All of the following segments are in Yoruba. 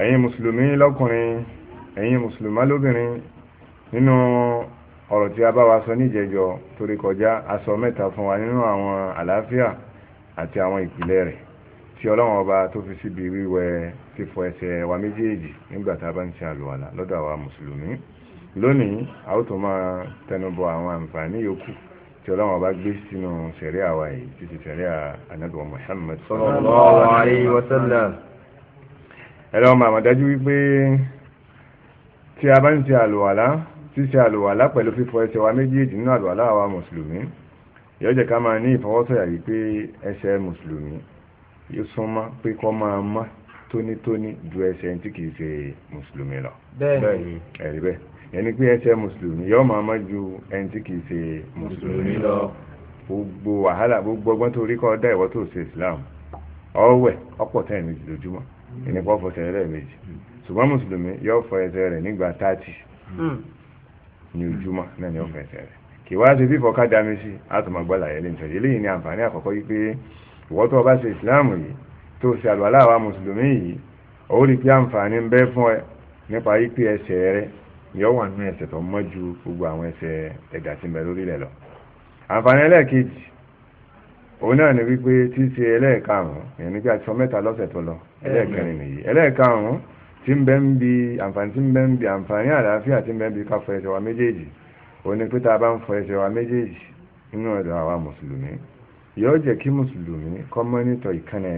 ẹ̀yin mùsùlùmí lọ́kùnrin ẹ̀yin mùsùlùmá lóbìnrin nínú ọ̀rọ̀ tí a bá wa sọ níjẹjọ torí kọjá a sọ mẹ́ta fún wa nínú àwọn àlàáfíà àti àwọn ìpìlẹ̀ rẹ̀ tí ọlọ́run ọba tó fi síbi wíwẹ̀ fífọ ẹsẹ̀ wa méjèèjì nígbà tá a bá ń ṣe àlùwàlà lọ́dọ̀ àwa mùsùlùmí lónìí a ó tó máa tẹnubọ àwọn àǹfààní yòókù tí ọlọ́run ọba gbé sínú sẹ̀ríà wa yìí títí sẹ̀ríà anábìwọ̀n Muhammad sallallahu ẹ̀rọ ọmọ àmọ̀dájú wípé tí a bá ń ṣe àlùwàlá ṣíṣe àlùwàlá pẹ̀lú fífọ ẹsẹ̀ wa méjèèjì nínú àlùwàlá àwa mùsùlùmí yóò jẹ́ ká máa ní ìfọwọ́sọ̀yà wípé ẹsẹ̀ mùsùlùmí yóò súnmọ́ pé kó máa mọ́ tónítóní ju ẹsẹ̀ tí kìí ṣe mùsùlùmí lọ. bẹ́ẹ̀ni ẹ̀rí bẹ́ẹ̀ yẹn ni pé ẹsẹ̀ mùsùlùmí yóò máa mọ́ ju ẹni tí kìí ṣe mùsùlùmí lọ gbogbo wàhálà gbogbo ọgbọ́n tó rí kọ́ dá ìwọ́ tó ṣe Islam ọ̀wẹ̀ ọ̀pọ̀ tẹ́ẹ̀ ní ìnìpọ̀ fọsẹ̀ lẹ́ẹ̀mejì ṣùgbọ́n mùsùlùmí yóò fọ ẹsẹ̀ rẹ̀ nígbà tààtì hmm. ní ojúmọ́ náà ni yóò fọ ẹsẹ̀ rẹ̀ kì wá ṣe fífọ ká dami sí àtùmọ̀ gbọ́dọ̀ ayẹlẹ́ nítorí eléyìí ní àǹfààní àkọ́kọ́ yìí pé ìwọ tó o bá ṣe ìsìláàmù yìí tó o ṣe àlùwàlá àwa mùsùlùmí yìí ó rí pé àǹfààní ń bẹ fún ẹ nípa yìí pé ẹsẹ̀ rẹ yóò wà nínú ẹsẹ̀ tó mọ́ ju gbogbo àwọn ẹsẹ̀ ẹ̀dà tí ń bẹ lọ àǹfààní ẹlẹ́ẹ̀kejì òun náà ni wípé tí ṣe ẹlẹ́ẹ̀karùn-ún èyàn níbi àti sọ mẹ́ta lọ́sẹ̀ tó lọ ẹlẹ́ẹ̀kẹrin nìyí ẹlẹ́ẹ̀karùn-ún tí ń bẹ ń bi àǹfààní tí ń bẹ ń bi àǹfààní àlàáfíà tí ń bẹ ń bi ká fọ ẹsẹ̀ wa méjèèjì òun ni pé tá a bá ń fọ ẹsẹ̀ wa méjèèjì nínú ọ̀dọ̀ àwa mùsùlùmí yóò jẹ́ kí mùsùlùmí kọ́ mọ́nítọ̀ ìkánná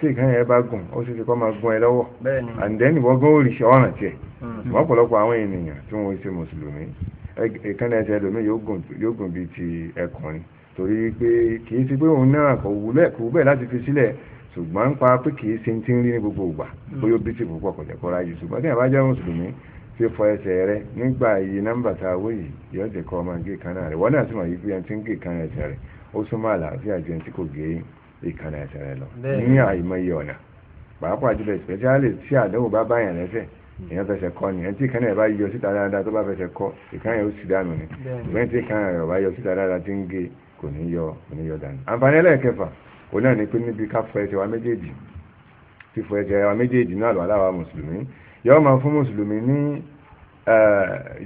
tí ìkan yẹn bá gùn ó sì ti kọ́ máa gún ẹ lọ́wọ́ àǹdẹ́nì wọ́gán òrìṣà ọ̀ràn tiẹ̀ hmm. ọ̀pọ̀lọpọ̀ àwọn ènìyàn tí wọ́n ṣe mùsùlùmí ìkànnì ẹsẹ̀ ẹlòmíì yóò gùn bíi ti ẹkùnrin torí pé kì í ti pé òun náà kò wú bẹ́ẹ̀ láti fi sílẹ̀ ṣùgbọ́n ń pa pé kì í ṣe ti ń rí ní gbogbo ìgbà hmm. bóyá ó bí ti púpọ̀ kò jẹ́kọ́ ráyè ṣùgbọ́n tíyẹn bá mùsùlùmí fi fọ ẹsẹ̀ rẹ nígbà iye nọ́mbà tá a wó yìí yóò jẹ́ kọ́ ọmọ gé kan náà rẹ̀ wọ́n náà sì mọ̀ yí pé ẹni tí ń gé kan ẹsẹ̀ rẹ̀ ó súnmọ́ àlàáfíà ju ẹni tí kò gé e ìkànnì ẹsẹ̀ rẹ lọ ní àìmọye ọ̀nà pàápàá jùlọ especially tí àdánwò bá báyàn lẹ́sẹ̀ èèyàn fẹsẹ̀ kọ́ ni ẹni tí ìkànnì ẹ̀ bá yọ síta dáadáa tó bá fẹsẹ̀ kọ́ ìkànnì ẹ̀ ó sì dànù ni ìgbẹ́ni tí ìkànnì ẹ̀ bá yọ síta dáadáa tí ń gé kò ní yọ kò ní yọ dànù. àǹfààní ẹlẹ́ẹ̀kẹfà òun náà ni pé níbi ká fọ ẹsẹ̀ wa méjèèjì fífọ ẹsẹ̀ wa méjèèjì náà lọ́wọ́ aláwa mùsùlùmí yọ máa fún mùsùlùmí ní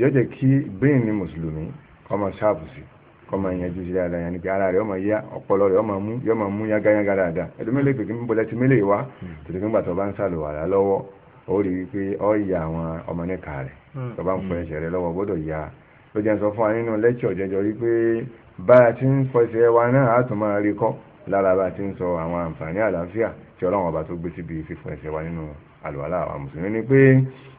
yọjẹ́ kí brain ni mùsùlùmí ọmọ ṣáàpù sí i kọ́ máa yanjú sí dáadáa yẹn ni pé ara rẹ̀ ọmọ yá ọpọlọ rẹ̀ ọmọ mú yọ máa mú yágáyágá dáadáa ẹ̀dùnmẹ́lẹ̀ pé kí n bọ̀lẹ́ ti mélèé wá tòtí nígbà tó bá ń sàlùwàlá lọ́wọ́ ó rí i pé ó yà àwọn ọmọ nìka rẹ̀ hmm. tó bá ń fọ hmm. ẹsẹ̀ rẹ̀ lọ́wọ́ gbọ́dọ̀ yá ló jẹ́ sọ fún wa nínú lẹ́kṣọ̀ jẹjọ rí pé bá a ti ń fọ ẹsẹ̀ wa náà á tún máa rí kọ́ lára bá a ti ń sọ àwọn àǹfààní àlàáfíà tí ọlọ́run ọba tó gbé síbi fífọ ẹsẹ̀ wa nínú àlùwàlá àwọn mùsùlùmí ni pé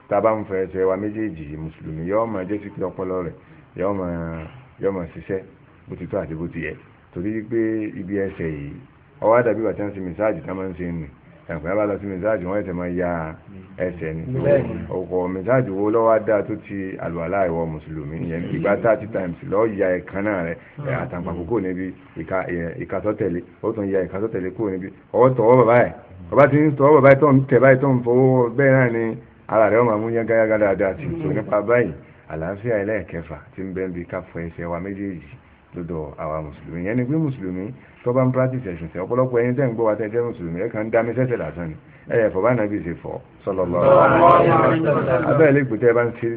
tá a bá ń fọ ẹsẹ̀ wa méjèèjì mùsùlùmí yóò máa jẹ́ sí pé ọpọlọ rẹ̀ yóò máa yóò máa ṣiṣẹ́ bó ti tó àti bó ti yẹ torí pé ibi ẹsẹ̀ yìí ọwọ́ àdàbí bàtí wọ́n ti mẹ́sáàjì tá máa ń ṣe nù ẹ̀pẹ́ bá lọ sí mẹ́sáàjì wọ́n ẹ̀sẹ̀ máa ya ẹsẹ̀ ni ọkọ̀ mẹ́sáàjì wo lọ́wọ́ dá tó ti àlùwàlá ìwọ mùsùlùmí ìyẹn ìgbà thirty times lọ́ọ́ ya ẹ̀kan náà rẹ àtàǹpàkò kò níbi ìkàtọ́tẹ̀lé ó tún ya ìkàtọ́tẹ̀lé kò níbi ọwọ́ tọ̀wọ́ bàbá ẹ̀ ọba ti ń tọ̀wọ́ bàbá ẹ̀ tó ń tẹ̀ báyìí tó ń fowó bẹ́ẹ̀ náà ni ara rẹ̀ ó máa mú yágáyágá dáadáa sí i tó nípa báyìí àlàáfíà ẹlẹ́ẹ̀kẹfà tí ń bẹ níbi ká fọ ẹsẹ̀ wa méjèèjì lọ́dọ̀ àwa mùsùlùmí yẹn ni pé mùsùlùmí tó bá ń practice ẹ̀sìn sẹ́ ọ̀pọ̀lọpọ̀ ẹ̀yin tẹ́ ń gbọ́ wa tẹ́ jẹ́ mùsùlùmí ẹ̀ kàn ń dá mi sẹ́sẹ̀ lásán ni ẹ̀yẹ fọ̀ bá nàbí ṣe fọ̀ sọlọ́lọ́ abẹ́ẹ̀lẹ́ ìpè tẹ́ bá ń ṣe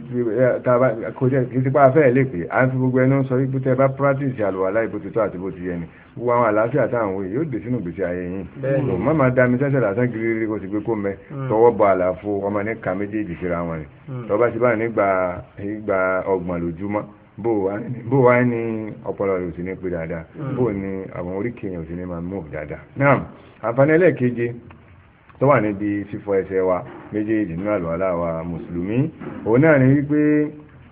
kò jẹ́ kì í ti pa afẹ́ẹ̀lẹ́ ìpè à ń fi gbogbo ẹnu sọ ìpè tẹ́ bá practice àlùwàlá ìbò ti tọ́ àti bó ti yẹ ni gbogbo àwọn àlàáfíà táwọn òye yóò dé sínú ìgbésí ayé yín má máa dá mi sẹ́sẹ̀ lásán gírírí kó ti gbé kó mẹ́ hmm. tọwọ́ bọ àlàfo ọmọ ní ka méjèèjì síra wọn ni hmm. tọ́ bá ti bá ní gba ọgbọ̀n lójúmọ́ bó wá ní ọpọlọ rẹ̀ òsì ní pé dáadáa hmm. bó ní àwọn oríkèèyàn òsì ní máa mú dáadáa náà àǹfààní ẹlẹ́ẹ̀keje tó wà níbi fífọ ẹsẹ̀ wa méjèèjì nínú àlùwàlá wa mùsùlùmí òun náà ní wípé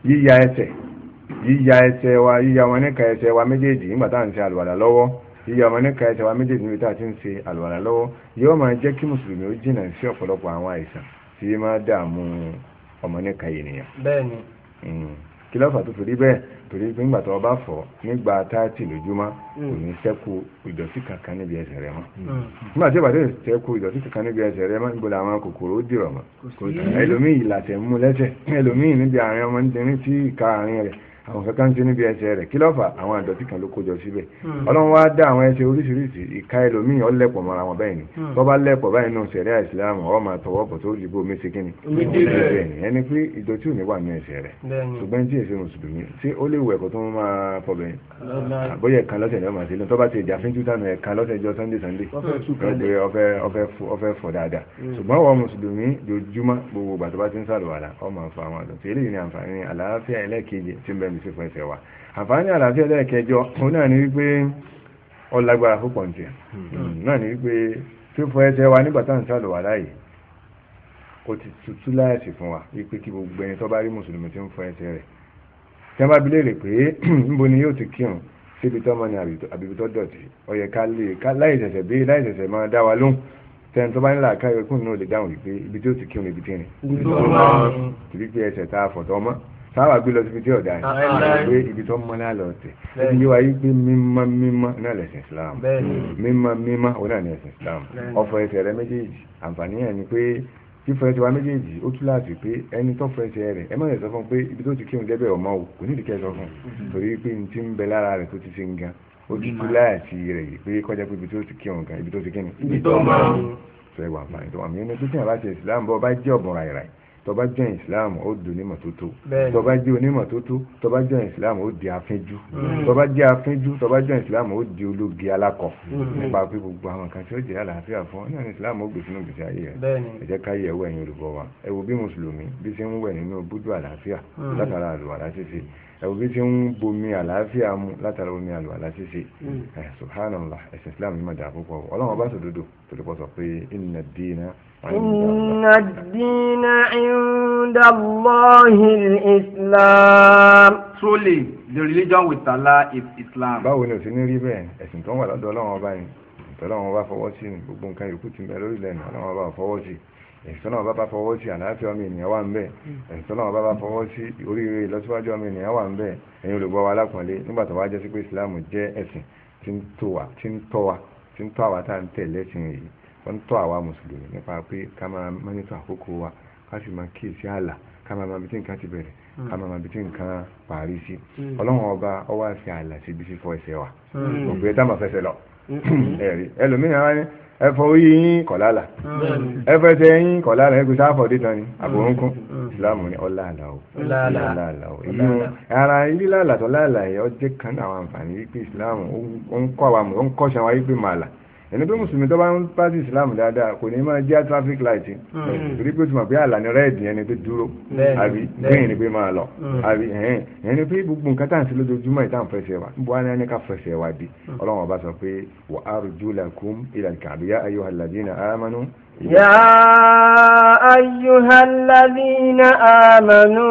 yíya ẹsẹ̀ yíya ẹsẹ̀ wa yíya wọn níka ẹsẹ̀ wa méjèèjì nígbà tá à ń ṣe àlùwàlá lọ́wọ́ yíya wọn níka ẹsẹ̀ wa méjèèjì níbi tá à ti ń ṣe àlùwàlá lọ́wọ́ yóò máa jẹ́ kí mùsùlùmí ó jìnnà sí ọ̀pọ̀lọpọ̀ àwọn àìsàn tí máa dààmú ọmọ níka ènìyàn. bẹ́ẹ̀ni hmm kí lọ́fà tó torí bẹ́ẹ̀ torí pé ńgbà tó o bá fọ̀ nígbà táàtì lójúmọ́ mm. kò ní sẹ́kù ìdọ̀tí kankan níbi ẹsẹ̀ rẹ mọ́ mm. nígbà tí o bá tẹ̀ sẹ́kù ìdọ̀tí kankan níbi ẹsẹ̀ rẹ mọ́ níbo làwọn kòkòrò ó dìrọ̀ mọ́ ẹlòmíì ìlàtẹ̀ mú lẹ́sẹ̀ ẹlòmíì níbi àárín ọmọdé ní tí ìka àárín rẹ̀ àwọn kankan ti níbi ẹsẹ̀ rẹ̀ kí ló fà àwọn àdọ̀tí kan ló kójọ síbẹ̀ hmm. ọlọ́run wá dá àwọn ẹsẹ̀ oríṣiríṣi ìka ẹlòmíì ọlẹ́pọ̀ mọ́ra wọn báyìí ni hmm. tó bá lẹ́pọ̀ báyìí nù sẹ̀rẹ́ ìsìlámù ọ̀rọ̀ máa tọwọ́ bọ̀ tó dìbò mése kínni ẹni pé ìdọ̀tí ò ní wà ní ẹsẹ̀ rẹ̀ ṣùgbọ́n tí èsì mùsùlùmí tí ó lè wọ ẹ̀kọ́ tó máa fọ bẹ́ẹ̀ bóyá ẹ̀kan lọ́sẹ̀ ni ó máa ṣe lọ tó bá ti ìjà fíjú tánu ẹ̀kan lọ́sẹ̀ jọ sunday sunday ọgbẹ́ ọfẹ́ fọ̀ dáadáa hmm. ṣùgbọ́n wọ mùsùlùmí lójúmọ́ gbogbo bàtọ́ bá ti ń sàlùwàlà ọmọ àǹfààní àdọ̀tí eléyìí ni àǹfààní àlàáfíà ẹlẹ́ẹ̀kejì tí ń bẹ ànábì sí fún ẹsẹ̀ wa àǹfààní àlàáfíà ẹlẹ́ẹ̀kẹjọ òun náà ni wípé ọlágbára púpọ̀ hmm. ní tiẹ̀ náà ni wípé fífọ ẹsẹ̀ wa nígbà tá à ń sàlọ̀ wà láàyè ó ti tutù láyàsì fún wa wípé kí gbogbo ẹni tó bá rí mùsùlùmí tí ń fọ ẹsẹ̀ rẹ̀ tí wọ́n bá bi léèrè pé níbo ni yóò ti kírun síbi tó mọ ni àbíbi tó dọ̀tí ó yẹ ká lè láì ṣẹ̀ṣẹ̀ bí láì máa dá wa lóhùn tẹ́ni tó bá ń là náà lè dáhùn wípé ibi tí ó ti kírun ibi tí ń rìn. torí ẹsẹ̀ tá a fọ̀tọ́ mọ́ sáwà gbé lọ síbi tí ọ̀dà yìí pé ah, ah. ibi tó mọ́ náà lọ tẹ̀ ẹni yóò wáyé pé mímọ́ mímọ́ náà lẹ̀sìn Islam mímọ́ mímọ́ ó náà lẹ̀sìn Islam ọ̀fọ̀ ẹsẹ̀ rẹ méjèèjì àǹfààní yẹn ni pé fífọ̀ ẹsẹ̀ wa méjèèjì ó tú láti pé ẹni tó fọ̀ ẹsẹ̀ rẹ̀ ẹ má lè sọ fún pé ibi tó ti kírun débẹ̀ ọmọ o kò nídìí kẹ́ sọ fún mm-hmm. torí pé n ti ń bẹ lára rẹ̀ tó ti ṣe ń gan ó ti tú láti rẹ̀ yìí pé kọjá pé ibi tó ti kírun gan ibi tó ti kírun ibi tó máa ń sọ ẹwà àǹfààní tó wà mí ẹni tó ti hàn láti Islam bọ́ bá jẹ́ ọ̀bùn ràìràì tọba jẹ́ islam o di onímọ̀ tó tó tọba jẹ́ onímọ̀ tó tó tọba jẹ́ islam ó di afínjú hmm. tọba jẹ́ afínjú tọba jẹ́ islam ó di ológi alákọ̀ hmm. nípa pé gbogbo àwọn kan tí ó jẹ́ àlàáfíà fún ọ náà ní islam ó gbé sínú gbèsè ayé rẹ̀ ẹ jẹ́ ká yẹ̀ wò ẹ̀yin olùbọ̀ wa ẹ wo bí mùsùlùmí bí ṣe ń wẹ̀ nínú búdú àlàáfíà hmm. látara àlùwàlá ṣíṣe ẹ̀wùbí ti ń bomi àlàáfíà mu látara omi àlùwàlá ṣíṣe mm. ẹ̀ ẹ̀sìn islam yìí máa púpọ̀ ọlọ́run ọba sòdodo tòlùpọ̀ sọ pé inna ad-dina. inna ad-dina al-islam. truly the religion with Allah is Islam. báwo ni o ní rí bẹ́ẹ̀ ẹ̀sìn tó ń wà lọ́dọ̀ ọlọ́run ọba yìí ọlọ́run ọba fọwọ́ sí gbogbo nǹkan yòókù ti mẹ́ lórílẹ̀ ọlọ́run ọba fọwọ́ sí ẹ̀sọ́nà bá bá fọwọ́ sí àlàáfíà ọmọ ènìyàn wà ń bẹ̀ ẹ̀sọ́nà bá bá fọwọ́ sí oríire ìlọsíwájú ọmọ ènìyàn wà ń bẹ̀ ẹ̀yin olùgbọ́ wa alákùnlé nígbà tó wá jẹ́ sí pé ìsìláàmù jẹ́ ẹ̀sìn tí ń tọ́ wa tí ń tọ́ wa tí ń tọ́ àwa tá à ń tẹ̀lé ẹ̀sìn yìí wọ́n ń tọ́ àwa mùsùlùmí nípa pé ká máa mọ́nítọ̀ àkókò wa ká sì máa kíyèsí ààlà ká máa máa bí tí nǹkan ti bẹ̀rẹ̀ ká máa máa bí tí nǹkan parí sí hmm. ọlọ́run ọba ọwọ́ àti ààlà síbi fífọ ẹsẹ̀ wa òpè hmm. tá máa fẹsẹ̀ lọ hmm. ẹ̀rí ẹlòmíràn wá ẹfọ orí yín kọ̀lálà ẹfọ ẹsẹ̀ yín kọ̀lálà ẹgbẹ́ sáfọ̀ dítan ni àbòrúnkún mm. ìsìláàmù ni ọ̀làlà o ọ̀làlà o inú ara lílàlà tọ́làlà yẹ ọjẹ́ kan àwọn àǹfààní wípé ìsìláàmù ó ń kọ́ àwọn ó ń kọ́ṣẹ́ wa wípé màlà ẹni pé mùsùlùmí tó bá ń pàṣẹ ìsìlámù dáadáa kò ní máa jẹ́ traffic light hmm. torí pé tùmọ̀ pé àlàní rẹ́ẹ̀dì ẹni pé dúró àbí green ni pé máa lọ hmm. àbí ẹni pé gbogbo nǹkan tá à ń ṣe lójoojúmọ́ ìta ń fẹsẹ̀ wa níbo wá ní ẹni ká fẹsẹ̀ wa bí hmm. ọlọ́run ọba sọ pé wa arjulakum ila al-ka'bi ya ayyuha alladhina amanu. ya ayyuha alladhina amanu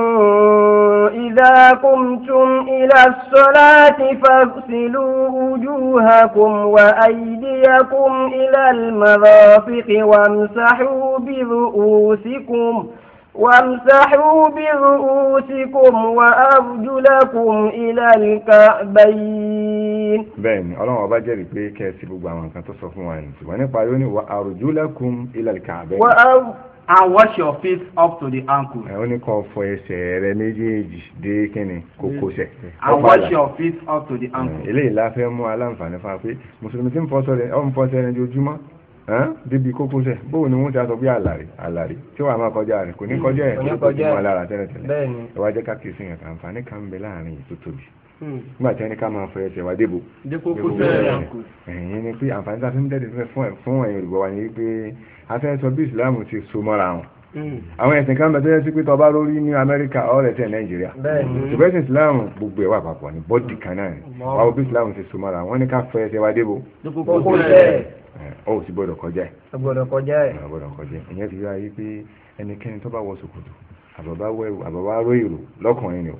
إذا قمتم إلى الصلاة فاغسلوا وجوهكم وأيديكم رؤوسكم إلى المرافق وامسحوا برؤوسكم وامسحوا برؤوسكم وأرجلكم إلى الكعبين bẹ́ẹ̀ni Ọlọ́run ọba jẹ́rìí pé kẹ́ ẹ sí gbogbo àwọn nǹkan tó sọ fún wa ní ṣùgbọ́n nípa yóò ní wa arjulakum ila al-ka'bayn and wash your feet up to the ankle. ẹ ó ní kó fọ ẹsẹ̀ rẹ méjèèjì dé kíni kókósẹ̀. and wash your feet up to the ankle. eléyìí la fẹ́ mú aláǹfààní fún wa pé mùsùlùmí tí ń fọṣọ rẹ ọ̀ ń fọṣọ rẹ ojoojúmọ́ bíbi kókósẹ̀ bóun ni wọ́n ti sọ pé àlàrí àlàrí tí wàá máa kọjá rẹ̀ kò ní kọjá ẹ̀ kò ní kọjá ẹ̀ lára tẹ́lẹ̀tẹ́lẹ̀ ẹ wá jẹ́ ká kìí sìn yàn kàǹfààní kan bẹ láàrin yìí tóbi. Hmm. nígbà tí wọ́n ní ká máa fẹ́ ẹsẹ̀ wá débò ẹ̀yìn ni pé àǹfààní tá a fi ń dẹ́dẹ̀ fún ẹ̀yìn olùgbọ́ wa ni a fẹ́ sọ bí ìsìláàmù ti so mọ́ra wọn hmm. àwọn ẹ̀sìn kan bẹ̀tẹ́ sí pé tọba lórí ní amẹ́ríkà ọ̀rẹ́sẹ̀ nàìjíríà ṣùgbẹ́sìn islam gbogbo ẹ̀wà àpapọ̀ ní bọ́dì kan náà ni wàá bí islam ti so mọ́ra wọn ní ká fẹ́ ẹsẹ̀ wá débò ó sì gbọ́dọ̀ kọjá ẹ̀ gbọ́dọ̀ kọjá ẹ̀ gbọ́dọ̀ kọjá ẹ̀ ìyẹn ti rí ayé pé ẹnikẹ́ni tó bá wọ ṣòkòtò àbàbá ró èrò lọ́kùnrin ni ó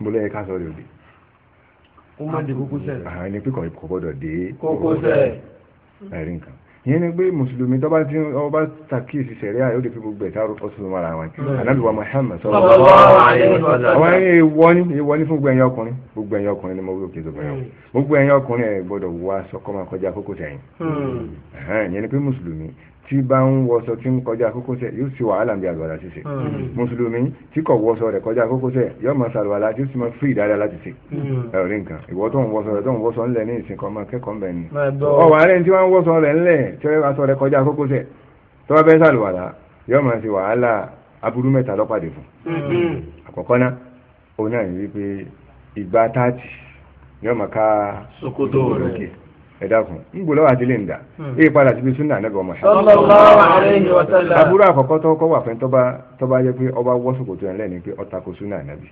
gbọ́dọ̀ yẹ ká sọ kó má dé kókósẹ̀. àwọn ẹni pé kò gbọ́dọ̀ dé kókósẹ̀. ni pé mùsùlùmí tọ́ba tí ọba takíyèsí sẹ̀rí àyè ó lè fi gbogbo ẹ̀ta ọ̀sùn mara wọn ànábì wa Muhammad sọ̀rọ̀ àwọn ẹni ìwọ ni ìwọ ni fún gbẹ̀yìn ọkùnrin gbogbo ẹ̀yìn ọkùnrin ni mo wí òkè ìjọba yẹn hmm. gbogbo ẹ̀yìn ọkùnrin ẹ̀ gbọ́dọ̀ wá sọkọ́ máa kọjá kókó sẹ́yìn hmm. ìyẹn ni pé mùsùlùmí tí bá ń wọṣọ tí ń kọjá kókósẹ̀ yóò sì wàhálà bí àlùwàlà ṣíṣe hmm. mùsùlùmí tí kò wọṣọ rẹ̀ kọjá kókósẹ̀ yóò máa ṣàlùwàlà tí ó sì máa fi ìdára láti ṣe hmm. ẹ̀rí nǹkan ìwọ tó ń wọṣọ rẹ̀ tó ń wọṣọ ńlẹ̀ ní ìsìnkọ ọmọ akẹ́kọ̀ọ́ ńbẹ ni ọwà rẹ̀ tí wọ́n wọṣọ rẹ̀ ńlẹ̀ tí wọ́n sọ rẹ̀ kọjá kókósẹ̀ tó bá fẹ́ ṣàlùwàlà yóò máa ṣe wàhálà aburú mẹ́ta lọ́pàdé fún hmm. máa ká sokoto rẹ̀ ẹ̀dàkùn ńgbò lọ́wọ́ àti lẹ́ǹda èyí padà síbi súnà anábì Muhammad. sallallahu alaihi wa sallam. àbúrò àkọ́kọ́ tó kọ́ wà fún tọ́ba jẹ́ pé ọba wọ́sùkò tó yẹn lẹ́ni pé ọ̀tà kò súnà anábì.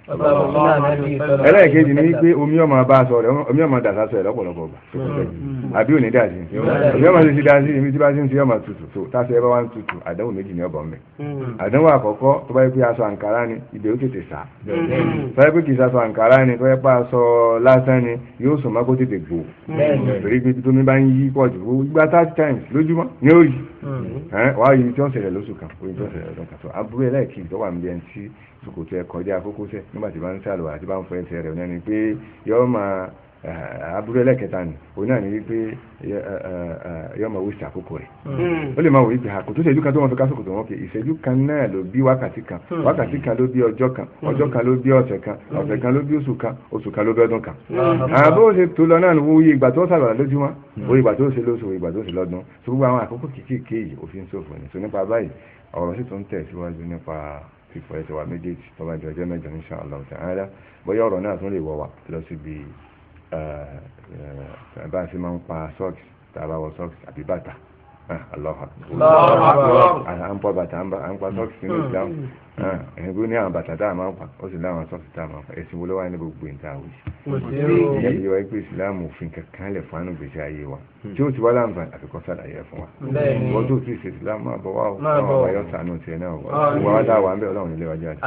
ẹlẹ́ẹ̀kejì ni pé omi ọmọ bá aṣọ rẹ̀ omi ọmọ dàsá sọ rẹ̀ lọ́pọ̀lọpọ̀ gbà hmm. àbí òní dàsí hmm. omi ọmọ ti dàsí ibi tí bá ti ń ti ọmọ tutù tó táṣe ẹ bá wá ń tutù àdánwò méjì ní ọbọ̀ mẹ́. àdánwò àkọ́kọ́ tó yẹ pé níbi tó mi bá ń yí pọ̀ jù igba thirty times lójúmọ́ ní ó yí hmm. wàá yí tí wọ́n ṣẹlẹ̀ lóṣù kan oyin tí wọ́n ṣẹlẹ̀ lọ́dún kan tó aburú ẹ̀ láì kí ìtọ́ wà níbi ẹni tí kò tó ẹ kọjá kókósẹ̀ nígbà tí bá ń sàlùwà àti bá ń fọ ẹsẹ̀ rẹ̀ ní pé yọ́ọ́ máa aburú eh, ẹlẹ́kẹta ni òun náà ní wípé eh, eh, yọ máa wíṣẹ àkókò rẹ̀ hmm. ó lè máa wò wípé àkótó ìṣẹ́jú kan tó wọn fi kásòkò tó wọn kì ìṣẹ́jú kan náà ló bí wákàtí kan hmm. wákàtí kan ló bí ọjọ́ kan hmm. ọjọ́ kan ló bí ọ̀sẹ̀ kan ọ̀sẹ̀ kan ló bí oṣù kan oṣù kan ló bí ọdún kan. àbó ah, ṣe tó lọ náà wo iye ìgbà tó sàlọ̀ lójúmọ́ oye ìgbà tó ṣe lóṣù ìgbà tó ṣe lọ́dún tó gbogbo àwọn àkókò kéékèèké yìí òfin ṣòfò ni so nípa báyìí ọ̀rọ̀ sì tún tẹ̀ síwájú nípa fífọ ẹsẹ̀ wa méjèèjì tó bá jọ ọjọ́ mẹ́jọ insha Allah ta'ala bóyá ọ̀rọ̀ náà tún lè wọ̀ wá lọ síbi bá a ṣe máa ń pa socks tàbá wọ socks àbí bàtà ah, alọ́ha àǹpọ̀ bàtà àǹpọ̀ socks nínú Islam ah, ẹ̀yìn kúrò ní àwọn bàtà tá a máa ń pa ó sì láwọn socks tá a máa ń pa ẹ̀sìn wo ló wà ní gbogbo ìta àwọn òṣìṣẹ́ ìyá ìyá wa pé Islam òfin kankan lè fún ànúgbèsè ayé wa hmm. tí ó ti wá láǹfààní àfikún sàlàyé ẹ̀ fún wa wọ́n tó ti ṣe Islam máa bọ̀ wá o náà wà yọ sànú tiẹ̀ náà wà wá dá wa ń bẹ̀ ọlọ́run ilé wa jáde.